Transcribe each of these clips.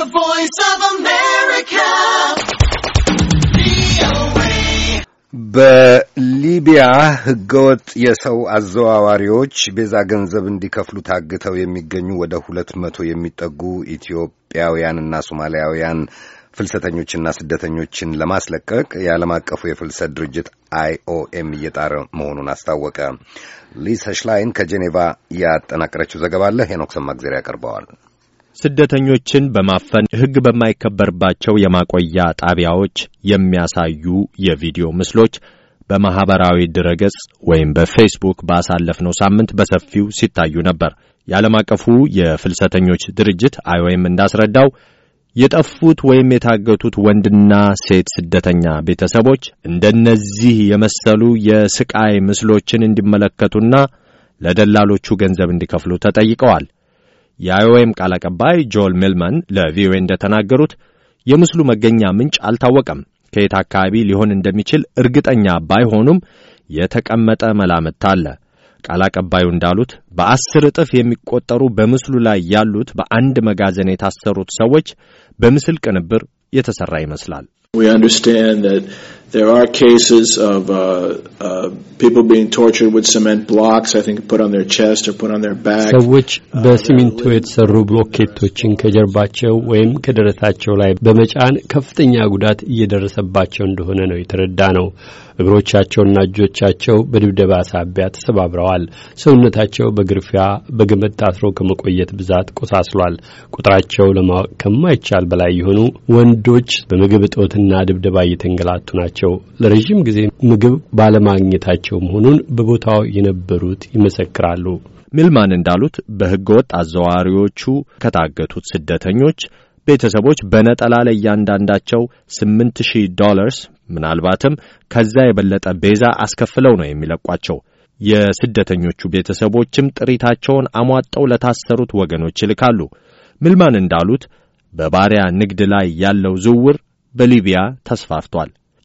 The Voice of America. በሊቢያ ህገወጥ የሰው አዘዋዋሪዎች ቤዛ ገንዘብ እንዲከፍሉ ታግተው የሚገኙ ወደ ሁለት መቶ የሚጠጉ ኢትዮጵያውያንና ሶማሊያውያን ፍልሰተኞችና ስደተኞችን ለማስለቀቅ የዓለም አቀፉ የፍልሰት ድርጅት አይኦኤም እየጣረ መሆኑን አስታወቀ። ሊሳ ሽላይን ከጄኔቫ ያጠናቀረችው ዘገባ አለ። ሄኖክ ሰማግዜር ያቀርበዋል። ስደተኞችን በማፈን ሕግ በማይከበርባቸው የማቆያ ጣቢያዎች የሚያሳዩ የቪዲዮ ምስሎች በማኅበራዊ ድረገጽ ወይም በፌስቡክ ባሳለፍነው ሳምንት በሰፊው ሲታዩ ነበር። የዓለም አቀፉ የፍልሰተኞች ድርጅት አይኦኤም እንዳስረዳው የጠፉት ወይም የታገቱት ወንድና ሴት ስደተኛ ቤተሰቦች እንደነዚህ የመሰሉ የስቃይ ምስሎችን እንዲመለከቱና ለደላሎቹ ገንዘብ እንዲከፍሉ ተጠይቀዋል። የአይኦኤም ቃል አቀባይ ጆል ሚልመን ለቪኦኤ እንደተናገሩት የምስሉ መገኛ ምንጭ አልታወቀም። ከየት አካባቢ ሊሆን እንደሚችል እርግጠኛ ባይሆኑም የተቀመጠ መላምት አለ። ቃል አቀባዩ እንዳሉት በአስር እጥፍ የሚቆጠሩ በምስሉ ላይ ያሉት በአንድ መጋዘን የታሰሩት ሰዎች በምስል ቅንብር የተሠራ ይመስላል። We understand that There are cases of uh, uh, people being tortured with cement blocks, I think put on their chest or put on their back. ሰዎች uh, በሲሚንቶ የተሰሩ ብሎኬቶችን ከጀርባቸው ወይም ከደረታቸው ላይ በመጫን ከፍተኛ ጉዳት እየደረሰባቸው እንደሆነ ነው የተረዳ ነው። እግሮቻቸውና እጆቻቸው በድብደባ ሳቢያ ተሰባብረዋል። ሰውነታቸው በግርፊያ በገመድ ታስሮ ከመቆየት ብዛት ቆሳስሏል። ቁጥራቸው ለማወቅ ከማይቻል በላይ የሆኑ ወንዶች በምግብ እጦትና ድብደባ እየተንገላቱ ናቸው። ናቸው። ለረዥም ጊዜ ምግብ ባለማግኘታቸው መሆኑን በቦታው የነበሩት ይመሰክራሉ። ሚልማን እንዳሉት ወጥ አዘዋዋሪዎቹ ከታገቱት ስደተኞች ቤተሰቦች በነጠላ ላይ እያንዳንዳቸው ስምንት ሺህ ዶላርስ ምናልባትም ከዛ የበለጠ ቤዛ አስከፍለው ነው የሚለቋቸው። የስደተኞቹ ቤተሰቦችም ጥሪታቸውን አሟጠው ለታሰሩት ወገኖች ይልካሉ። ሚልማን እንዳሉት በባሪያ ንግድ ላይ ያለው ዝውውር በሊቢያ ተስፋፍቷል።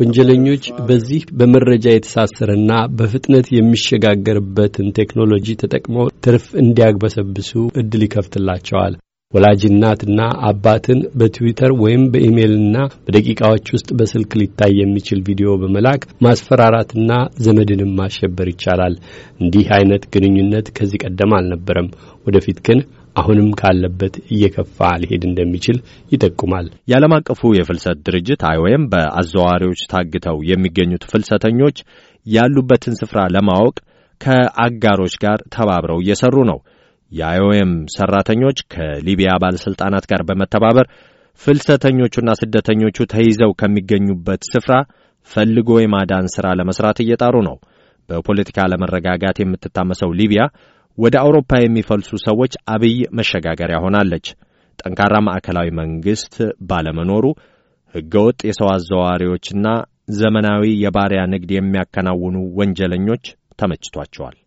ወንጀለኞች በዚህ በመረጃ የተሳሰረና በፍጥነት የሚሸጋገርበትን ቴክኖሎጂ ተጠቅመው ትርፍ እንዲያግበሰብሱ እድል ይከፍትላቸዋል። ወላጅ እናትና አባትን በትዊተር ወይም በኢሜይልና በደቂቃዎች ውስጥ በስልክ ሊታይ የሚችል ቪዲዮ በመላክ ማስፈራራትና ዘመድንም ማሸበር ይቻላል። እንዲህ አይነት ግንኙነት ከዚህ ቀደም አልነበረም። ወደፊት ግን አሁንም ካለበት እየከፋ ሊሄድ እንደሚችል ይጠቁማል። የዓለም አቀፉ የፍልሰት ድርጅት አይኦኤም በአዘዋዋሪዎች ታግተው የሚገኙት ፍልሰተኞች ያሉበትን ስፍራ ለማወቅ ከአጋሮች ጋር ተባብረው እየሰሩ ነው። የአይኦኤም ሠራተኞች ከሊቢያ ባለሥልጣናት ጋር በመተባበር ፍልሰተኞቹና ስደተኞቹ ተይዘው ከሚገኙበት ስፍራ ፈልጎ የማዳን ሥራ ለመሥራት እየጣሩ ነው። በፖለቲካ አለመረጋጋት የምትታመሰው ሊቢያ ወደ አውሮፓ የሚፈልሱ ሰዎች አብይ መሸጋገሪያ ሆናለች። ጠንካራ ማዕከላዊ መንግሥት ባለመኖሩ ሕገወጥ የሰው አዘዋዋሪዎችና ዘመናዊ የባሪያ ንግድ የሚያከናውኑ ወንጀለኞች ተመችቷቸዋል።